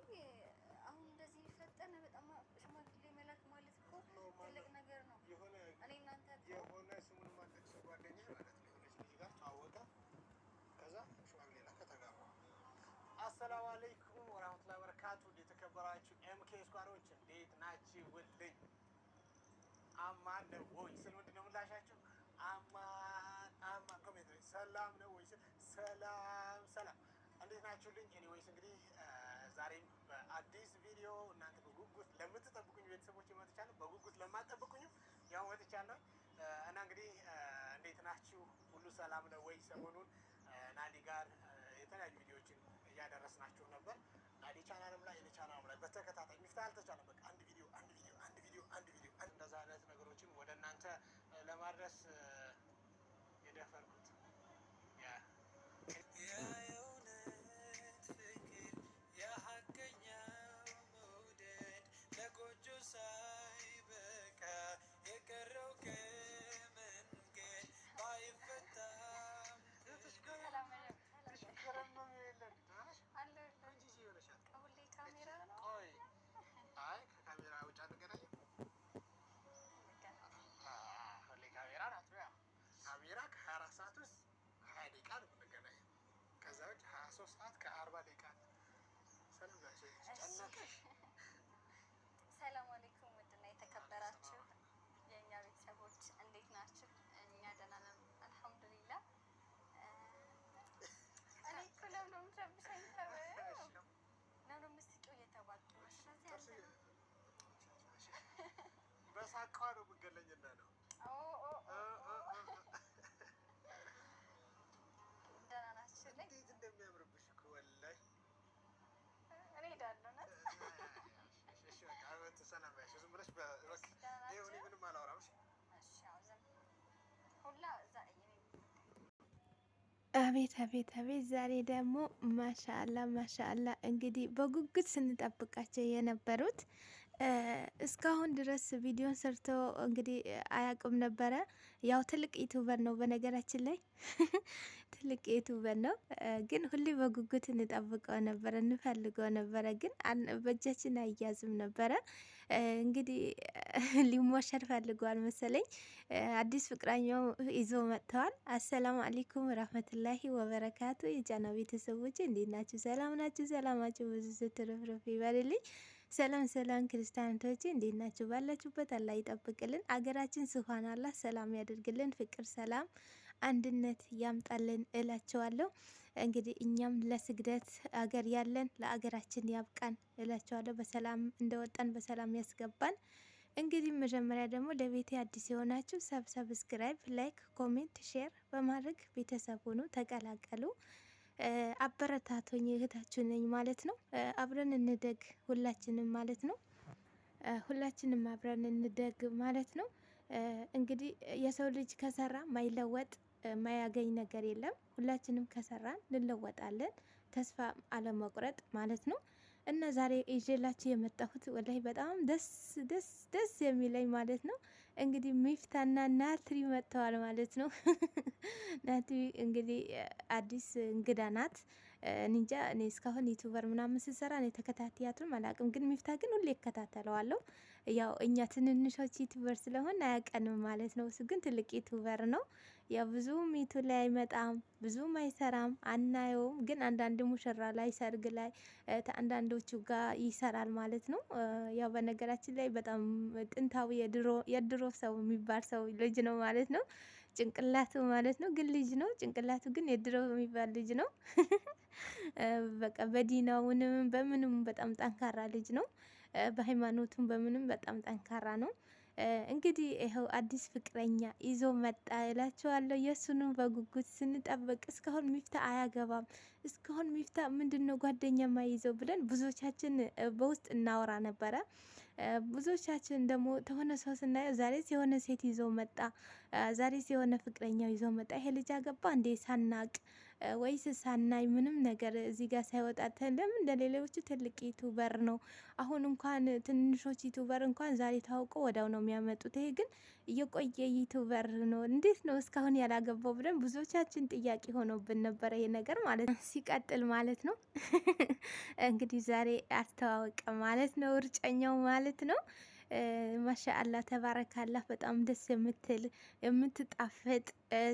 እንዴ አሁን እንደዚህ ፈጠነ። በጣም ሽማግሌ መላክ ማለት እኮ ትልቅ ነገር ነው። እኔ እናንተ የሆነ ስሙን ማጠቅሰ ጓደኛ ማለት ነው የሆነች ልጅ ጋር ተዋወቀ። ከዛ ሽማግሌ ላከ፣ ተጋባ። አሰላሙ አለይኩም ወራህመቱላሂ ወበረካቱ። የተከበራችሁ ኤምኬ ስኳሮች እንዴት ናችሁልኝ? አማን ነው ወይ ስል ምንድን ነው ምላሻችሁ? አማን አማን። ኮሜንት ሰላም ነው ወይ ስል ሰላም ሰላም። እንዴት ናችሁልኝ? እኔ ወይስ እንግዲህ ዛሬም በአዲስ ቪዲዮ እናንተ በጉጉት ለምትጠብቁኝ ቤተሰቦች መጥቻለሁ። በጉጉት ለማጠብቁኝ ያው መጥቻለሁ እና እንግዲህ እንዴት ናችሁ? ሁሉ ሰላም ነው ወይ? ሰሞኑን ናዲ ጋር የተለያዩ ቪዲዮዎችን እያደረስናችሁ ነበር። ናዲ ቻናልም ላይ እኔ ቻናልም ላይ በተከታታይ ሚፍታህ አልተቻለም። በቃ አንድ ቪዲዮ አንድ ቪዲዮ አንድ ቪዲዮ አንድ ቪዲዮ እንደዛ አይነት ነገሮችን ወደ እናንተ ለማድረስ የደፈርኩ ሰላም አለይኩም ውድና የተከበራችሁ የእኛ ቤተሰቦች እንዴት ናችሁ? እኛ ደህና ነን አልሐምዱሊላህ። እኔ እኮ ለምን ነው የምትረብሸኝ? ለምን ነው እየተባልኩ ነው አቤት አቤት አቤት! ዛሬ ደግሞ ማሻአላ ማሻአላ እንግዲህ በጉጉት ስንጠብቃቸው የነበሩት እስካሁን ድረስ ቪዲዮን ሰርቶ እንግዲህ አያውቅም ነበረ። ያው ትልቅ ዩቱበር ነው በነገራችን ላይ ትልቅ ዩቱበር ነው፣ ግን ሁሌ በጉጉት እንጠብቀው ነበረ፣ እንፈልገው ነበረ፣ ግን በእጃችን አያዝም ነበረ። እንግዲህ ሊሞሸር ፈልገዋል መሰለኝ። አዲስ ፍቅረኛው ይዞ መጥተዋል። አሰላሙ አለይኩም ወራህመቱላሂ ወበረካቱ። የጫና ቤተሰቦች እንዴት ናችሁ? ሰላም ናችሁ? ሰላማችሁ ብዙ ስትርፍርፍ ይበልልኝ። ሰላም ሰላም ክርስቲያኖች እንዴት ናችሁ? ባላችሁበት አላህ ይጠብቅልን። አገራችን ስብሃን አላህ ሰላም ያደርግልን። ፍቅር ሰላም አንድነት ያምጣልን እላቸዋለሁ። እንግዲህ እኛም ለስግደት አገር ያለን ለአገራችን ያብቃን እላቸዋለሁ። በሰላም እንደወጣን በሰላም ያስገባን። እንግዲህ መጀመሪያ ደግሞ ለቤቴ አዲስ የሆናችሁ ሰብ ሰብስክራይብ፣ ላይክ፣ ኮሜንት፣ ሼር በማድረግ ቤተሰብ ሆኑ ተቀላቀሉ። አበረታቶኝ እህታችሁ ነኝ ማለት ነው። አብረን እንደግ ሁላችንም ማለት ነው። ሁላችንም አብረን እንደግ ማለት ነው። እንግዲህ የሰው ልጅ ከሰራ ማይለወጥ ማያገኝ ነገር የለም። ሁላችንም ከሰራን እንለወጣለን። ተስፋ አለመቁረጥ ማለት ነው። እና ዛሬ ይዤላችሁ የመጣሁት ወላይ በጣም ደስ ደስ ደስ የሚለኝ ማለት ነው እንግዲህ ሚፍታና ናትሪ መጥተዋል ማለት ነው። ናትሪ እንግዲህ አዲስ እንግዳ ናት። እንጃ እኔ እስካሁን ዩቱበር ምናምን ስሰራ እኔ ተከታትያቱም አላቅም፣ ግን ሚፍታ ግን ሁሌ እከታተለዋለሁ። ያው እኛ ትንንሾች ዩቱበር ስለሆን አያቀንም ማለት ነው። እሱ ግን ትልቅ ዩቱበር ነው። ያው ብዙ ሚቱ ላይ አይመጣም፣ ብዙም አይሰራም፣ አናየውም። ግን አንዳንድ ሙሽራ ላይ፣ ሰርግ ላይ አንዳንዶቹ ጋር ይሰራል ማለት ነው። ያው በነገራችን ላይ በጣም ጥንታዊ የድሮ ሰው የሚባል ሰው ልጅ ነው ማለት ነው። ጭንቅላቱ ማለት ነው ግን ልጅ ነው ጭንቅላቱ ግን የድሮ የሚባል ልጅ ነው። በቃ በዲናውንም በምንም በጣም ጠንካራ ልጅ ነው። በሃይማኖቱም በምንም በጣም ጠንካራ ነው። እንግዲህ ይኸው አዲስ ፍቅረኛ ይዞ መጣ እላችኋለሁ። የእሱንም በጉጉት ስንጠብቅ እስካሁን ሚፍታ አያገባም፣ እስካሁን ሚፍታ ምንድን ነው ጓደኛማ ይዘው ብለን ብዙዎቻችን በውስጥ እናወራ ነበረ። ብዙዎቻችን ደግሞ ተሆነ ሰው ስናየው ዛሬስ የሆነ ሴት ይዞ መጣ፣ ዛሬስ የሆነ ፍቅረኛው ይዞ መጣ፣ ይሄ ልጅ አገባ እንዴ ሳናቅ ወይስ ሳናይ ምንም ነገር እዚህ ጋር ሳይወጣ ለምን እንደሌሎቹ ትልቅ ዩቱበር ነው። አሁን እንኳን ትንሾች ዩቱበር እንኳን ዛሬ ታውቆ ወዳው ነው የሚያመጡት። ይሄ ግን እየቆየ ዩቱበር ነው። እንዴት ነው እስካሁን ያላገባው ብለን ብዙዎቻችን ጥያቄ ሆኖብን ነበረ። ይሄ ነገር ማለት ነው ሲቀጥል ማለት ነው እንግዲህ ዛሬ አስተዋወቀ ማለት ነው እርጨኛው ማለት ነው። ማሻአላ ተባረካላ። በጣም ደስ የምትል የምትጣፍጥ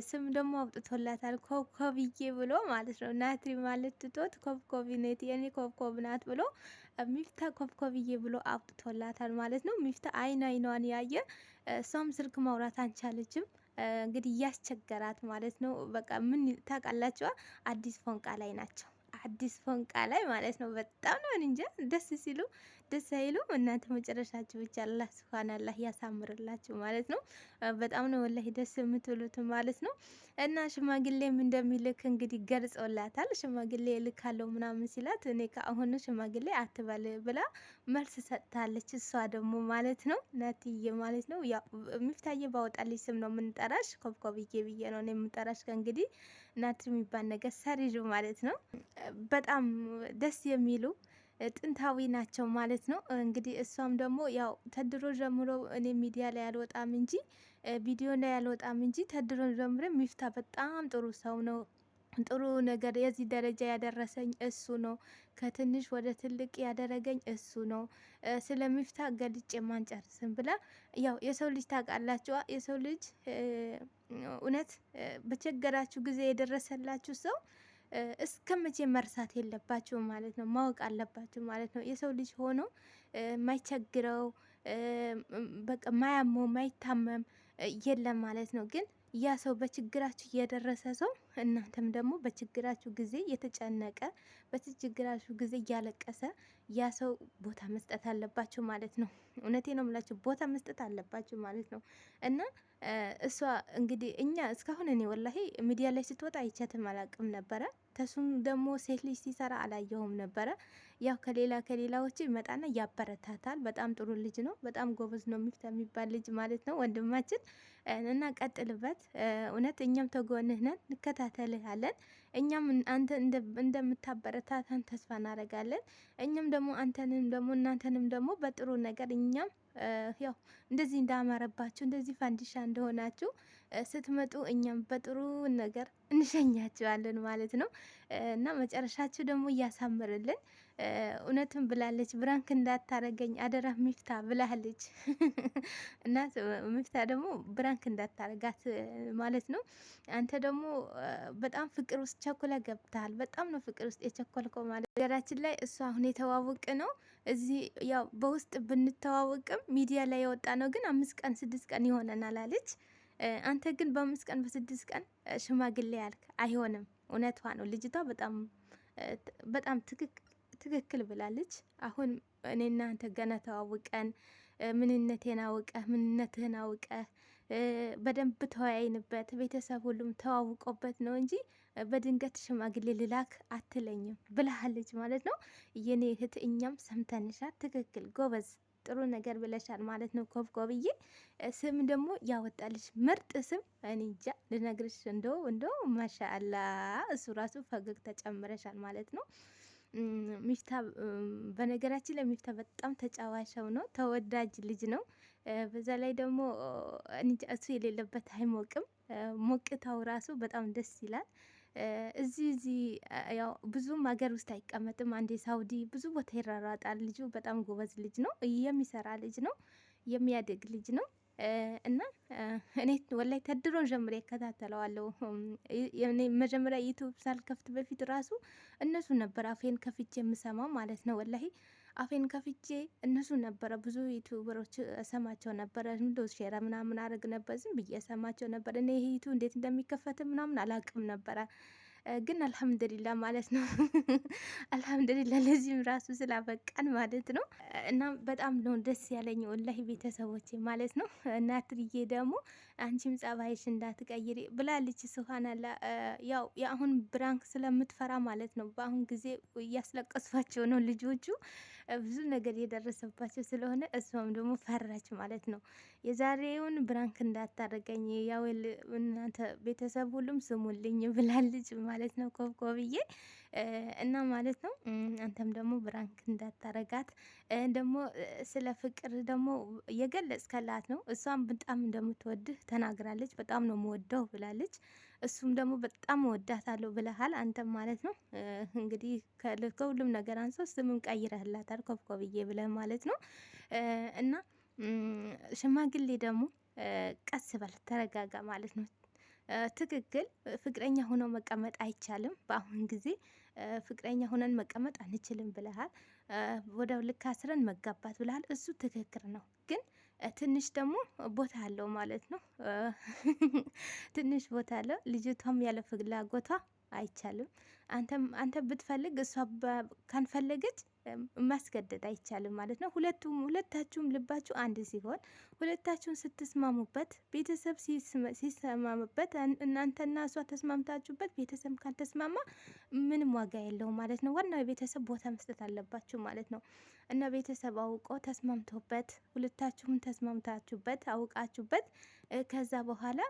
ስም ደግሞ አውጥቶላታል። ኮብኮብዬ ብሎ ማለት ነው። ናትሪ ማለት ትቶት ኮብኮቢ ነት የኔ ኮብኮብ ናት ብሎ ሚፍታ ኮብኮብዬ ብሎ አውጥቶላታል ማለት ነው። ሚፍታ አይን አይኗን ያየ እሷም ስልክ ማውራት አንቻለችም። እንግዲህ እያስቸገራት ማለት ነው። በቃ ምን ታውቃላችኋ፣ አዲስ ፎንቃ ላይ ናቸው። አዲስ ፎንቃ ላይ ማለት ነው። በጣም ነው እንጃ ደስ ሲሉ ደስ አይሉም። እናንተ መጨረሻችሁ ብቻ አላህ ስብሃን አላህ ያሳምርላችሁ ማለት ነው። በጣም ነው ወላሂ ደስ የምትሉት ማለት ነው። እና ሽማግሌም እንደሚልክ እንግዲህ ገልጾላታል። ሽማግሌ ልካለው ምናምን ሲላት እኔ ከአሁኑ ሽማግሌ አትበል ብላ መልስ ሰጥታለች። እሷ ደግሞ ማለት ነው ናትዬ ማለት ነው ሚፍታዬ ባወጣልኝ ስም ነው የምንጠራሽ። ኮብኮብዬ ብዬ ነው የምንጠራሽ ከእንግዲህ ናት የሚባል ነገር ሰሪዥ ማለት ነው። በጣም ደስ የሚሉ ጥንታዊ ናቸው ማለት ነው። እንግዲህ እሷም ደግሞ ያው ተድሮ ጀምሮ እኔ ሚዲያ ላይ አልወጣም እንጂ ቪዲዮ ላይ አልወጣም እንጂ ተድሮ ጀምሮ ሚፍታ በጣም ጥሩ ሰው ነው። ጥሩ ነገር የዚህ ደረጃ ያደረሰኝ እሱ ነው። ከትንሽ ወደ ትልቅ ያደረገኝ እሱ ነው። ስለ ሚፍታ ገልጬ ማንጨርስም ብላ ያው የሰው ልጅ ታውቃላችኋ። የሰው ልጅ እውነት በቸገራችሁ ጊዜ የደረሰላችሁ ሰው እስከ መቼ መርሳት የለባችሁ ማለት ነው። ማወቅ አለባችሁ ማለት ነው። የሰው ልጅ ሆኖ ማይቸግረው በቃ ማያመው ማይታመም የለም ማለት ነው። ግን ያ ሰው በችግራችሁ እየደረሰ ሰው እናንተም ደግሞ በችግራችሁ ጊዜ እየተጨነቀ በችግራችሁ ጊዜ እያለቀሰ ያ ሰው ቦታ መስጠት አለባቸው ማለት ነው። እውነቴ ነው የምላቸው ቦታ መስጠት አለባቸው ማለት ነው። እና እሷ እንግዲህ እኛ እስካሁን እኔ ወላሂ ሚዲያ ላይ ስትወጣ አይቻትም አላቅም ነበረ። ተሱም ደግሞ ሴት ልጅ ሲሰራ አላየሁም ነበረ። ያው ከሌላ ከሌላዎች ይመጣና ያበረታታል። በጣም ጥሩ ልጅ ነው። በጣም ጎበዝ ነው። ሚፍታ የሚባል ልጅ ማለት ነው ወንድማችን እና ቀጥልበት። እውነት እኛም ተጎንህ ነን፣ አለን። እኛም አንተ እንደምታበረታታን ተስፋ እናደርጋለን። እኛም ደግሞ አንተንም ደግሞ እናንተንም ደግሞ በጥሩ ነገር እኛም ያው እንደዚህ እንዳማረባችሁ እንደዚህ ፋንዲሻ እንደሆናችሁ ስትመጡ እኛም በጥሩ ነገር እንሸኛችኋለን ማለት ነው እና መጨረሻችሁ ደግሞ እያሳምርልን። እውነትም ብላለች፣ ብራንክ እንዳታረገኝ አደራ ሚፍታ ብላለች። እና ምፍታ ደግሞ ብራንክ እንዳታረጋት ማለት ነው። አንተ ደግሞ በጣም ፍቅር ውስጥ ቸኮላ ገብተሃል። በጣም ነው ፍቅር ውስጥ የቸኮልከው ማለት ነገራችን ላይ እሱ አሁን የተዋወቅ ነው እዚህ ያው በውስጥ ብንተዋወቅም ሚዲያ ላይ የወጣ ነው። ግን አምስት ቀን ስድስት ቀን ይሆነናል አለች። አንተ ግን በአምስት ቀን በስድስት ቀን ሽማግሌ ያልክ አይሆንም። እውነቷ ነው። ልጅቷ በጣም በጣም ትክክል ብላለች። አሁን እኔና አንተ ገና ተዋውቀን ምንነቴን አውቀህ ምንነትህን አውቀህ በደንብ ተወያይንበት። ቤተሰብ ሁሉም ተዋውቆበት ነው እንጂ በድንገት ሽማግሌ ልላክ አትለኝም ብልሃለች ማለት ነው። የኔ እህት እኛም ሰምተንሻል። ትክክል ጎበዝ፣ ጥሩ ነገር ብለሻል ማለት ነው። ኮብኮብዬ ስም ደግሞ ያወጣልሽ ምርጥ ስም እኔ እንጃ ልነግርሽ እንደው እንደው ማሻአላ እሱ ራሱ ፈገግ ተጨምረሻል ማለት ነው። ሚፍታ በነገራችን ላይ ሚፍታ በጣም ተጫዋች ሰው ነው፣ ተወዳጅ ልጅ ነው። በዛ ላይ ደግሞ እሱ የሌለበት አይሞቅም። ሞቅታው ራሱ በጣም ደስ ይላል። እዚህ እዚህ ያው ብዙም ሀገር ውስጥ አይቀመጥም። አንዴ ሳውዲ ብዙ ቦታ ይራራጣል። ልጁ በጣም ጎበዝ ልጅ ነው። የሚሰራ ልጅ ነው። የሚያደግ ልጅ ነው። እና እኔ ወላይ ተድሮ ጀምሬ እከታተለዋለሁ። መጀመሪያ ዩቱብ ሳልከፍት በፊት ራሱ እነሱ ነበር አፌን ከፍቼ የምሰማው ማለት ነው። ወላሂ አፌን ከፍቼ እነሱ ነበረ ብዙ ዩቱበሮች እሰማቸው ነበረ። እንዶ ሼረ ምናምን አረግ ነበር ዝም ብዬ እሰማቸው ነበር። እኔ ይሄ ዩቱብ እንዴት እንደሚከፈት ምናምን አላቅም ነበረ። ግን አልሐምዱሊላ ማለት ነው። አልሐምዱሊላ ለዚህም ራሱ ስላበቃን ማለት ነው። እና በጣም ነው ደስ ያለኝ ወላሂ ቤተሰቦቼ ማለት ነው። እናትዬ ደግሞ አንቺም ጸባይሽ እንዳትቀይሪ ብላለች። ስብሃናላ ያው የአሁን ብራንክ ስለምትፈራ ማለት ነው። በአሁን ጊዜ እያስለቀሷቸው ነው ልጆቹ ብዙ ነገር የደረሰባቸው ስለሆነ እሷም ደግሞ ፈራች ማለት ነው። የዛሬውን ብራንክ እንዳታደርገኝ ያው እናንተ ቤተሰብ ሁሉም ስሙልኝ ብላለች ማለት ነው ኮብኮብዬ እና ማለት ነው። አንተም ደግሞ ብራንክ እንዳታረጋት ደግሞ ስለ ፍቅር ደግሞ የገለጽከላት ነው። እሷም በጣም እንደምትወድህ ተናግራለች። በጣም ነው የምወደው ብላለች። እሱም ደግሞ በጣም እወዳታለሁ ብለሃል። አንተም ማለት ነው እንግዲህ ከሁሉም ነገር አንሶ ስምም ቀይረህላታል ኮብኮብዬ ብለህ ማለት ነው እና ሽማግሌ ደግሞ ቀስ በል ተረጋጋ ማለት ነው። ትክክል ፍቅረኛ ሆኖ መቀመጥ አይቻልም በአሁን ጊዜ። ፍቅረኛ ሆነን መቀመጥ አንችልም ብለሃል። ወደ ልክ አስረን መጋባት ብለሃል። እሱ ትክክር ነው ግን ትንሽ ደግሞ ቦታ አለው ማለት ነው። ትንሽ ቦታ አለው። ልጅቷም ያለ ፍላጎቷ አይቻልም። አንተ ብትፈልግ እሷ ካልፈለገች ማስገደድ አይቻልም ማለት ነው። ሁለቱም ሁለታችሁም ልባችሁ አንድ ሲሆን ሁለታችሁን ስትስማሙበት፣ ቤተሰብ ሲስማምበት፣ እናንተና እሷ ተስማምታችሁበት ቤተሰብ ካልተስማማ ምንም ዋጋ የለውም ማለት ነው። ዋናው የቤተሰብ ቦታ መስጠት አለባችሁ ማለት ነው እና ቤተሰብ አውቆ ተስማምቶበት፣ ሁለታችሁም ተስማምታችሁበት፣ አውቃችሁበት ከዛ በኋላ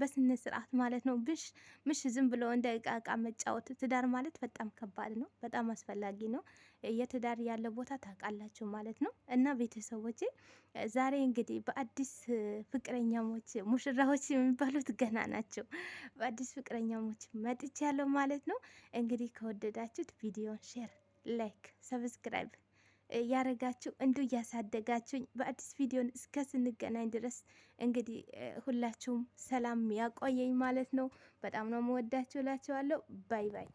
በስነ ስርዓት ማለት ነው። ብሽ ምሽ ዝም ብሎ እንደ እቃ እቃ መጫወት ትዳር ማለት በጣም ከባድ ነው። በጣም አስፈላጊ ነው። የትዳር ያለ ቦታ ታውቃላችሁ ማለት ነው። እና ቤተሰቦች ዛሬ እንግዲህ በአዲስ ፍቅረኛሞች ሙሽራዎች የሚባሉት ገና ናቸው። በአዲስ ፍቅረኛሞች መጥቼ ያለው ማለት ነው። እንግዲህ ከወደዳችሁት ቪዲዮን ሼር፣ ላይክ፣ ሰብስክራይብ ያረጋችሁ እንዱ እያሳደጋችሁኝ በአዲስ ቪዲዮን እስከ ስንገናኝ ድረስ እንግዲህ ሁላችሁም ሰላም ያቆየኝ ማለት ነው። በጣም ነው መወዳችሁ እላችኋለሁ። ባይ ባይ።